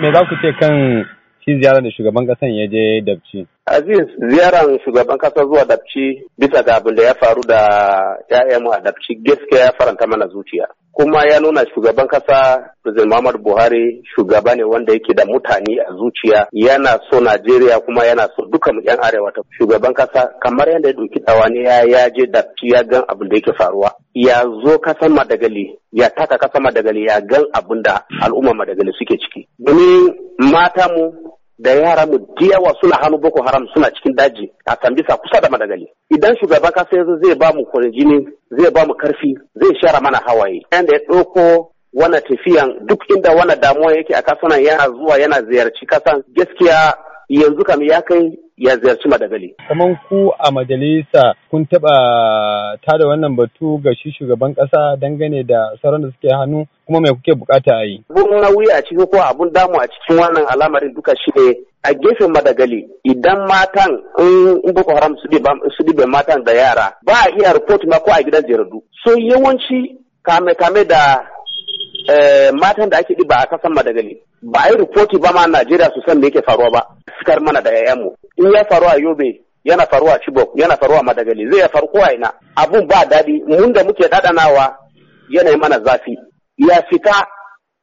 Me za ku ce kan shi ziyarar da shugaban kasan ya je dabci? Aziz ziyarar shugaban kasa zuwa dabci bisa ga abin da ya faru da 'ya'yanmu a dabci gaskiya ya faranta mana zuciya. kuma ya nuna shugaban kasa President Muhammad Buhari shugaba ne wanda yake da mutane a zuciya yana so Najeriya kuma yana so duka yan arewa ta shugaban kasa kamar yadda ya doki tsawaniya ya je da ya gan abin da yake faruwa ya zo kasan Madagali ya taka kasan Madagali ya gan abin da al'umma Madagali suke ciki domin mata mu da yara mu diyawa suna hannu boko haram suna cikin daji a tambisa kusa da madagali idan shugaban kasa yanzu zai ba mu kwarjini zai ba mu karfi zai share mana hawaye da ya ɗauko wana tafiyan duk inda wana damuwa yake a kasanan yana zuwa yana ziyarci kasan gaskiya yanzu kam ya kai ya ziyarci Madagali. Kaman ku a majalisa kun taɓa tada wannan batu ga shi shugaban ƙasa dangane da sauran da suke hannu kuma mai kuke bukata a yi. Abun nauyi a cikin ko abun damu a cikin wannan alamarin duka shi ne a gefen madagali idan matan in boko haram su dibe matan da yara ba a iya report ma ko a gidan jaridu. So yawanci kame-kame da Eh, matan da ake ba a kasan madagali ba a yi rikoti ba ma najeriya su san da yake faruwa ba fitar mana da 'ya'yanmu in ya faru yobe yana faruwa a chibok yana faruwa a madagali zai faru ko ina abun ba daɗi mun da muke ɗaɗanawa yanayi mana zafi ya fita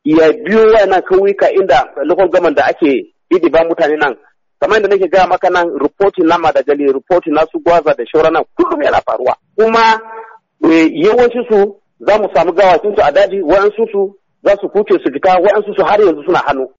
ya biyo wayannan kauyuka inda local government da ake idiba mutane nan kamar da nake gaya maka nan ripoti na madagali ripoti na su gwaza da shauran nan kullum yana faruwa kuma eh, yawancin su za mu samu su a daji wa'ansu su za su kuce su fita wa'ansu su har yanzu suna hannu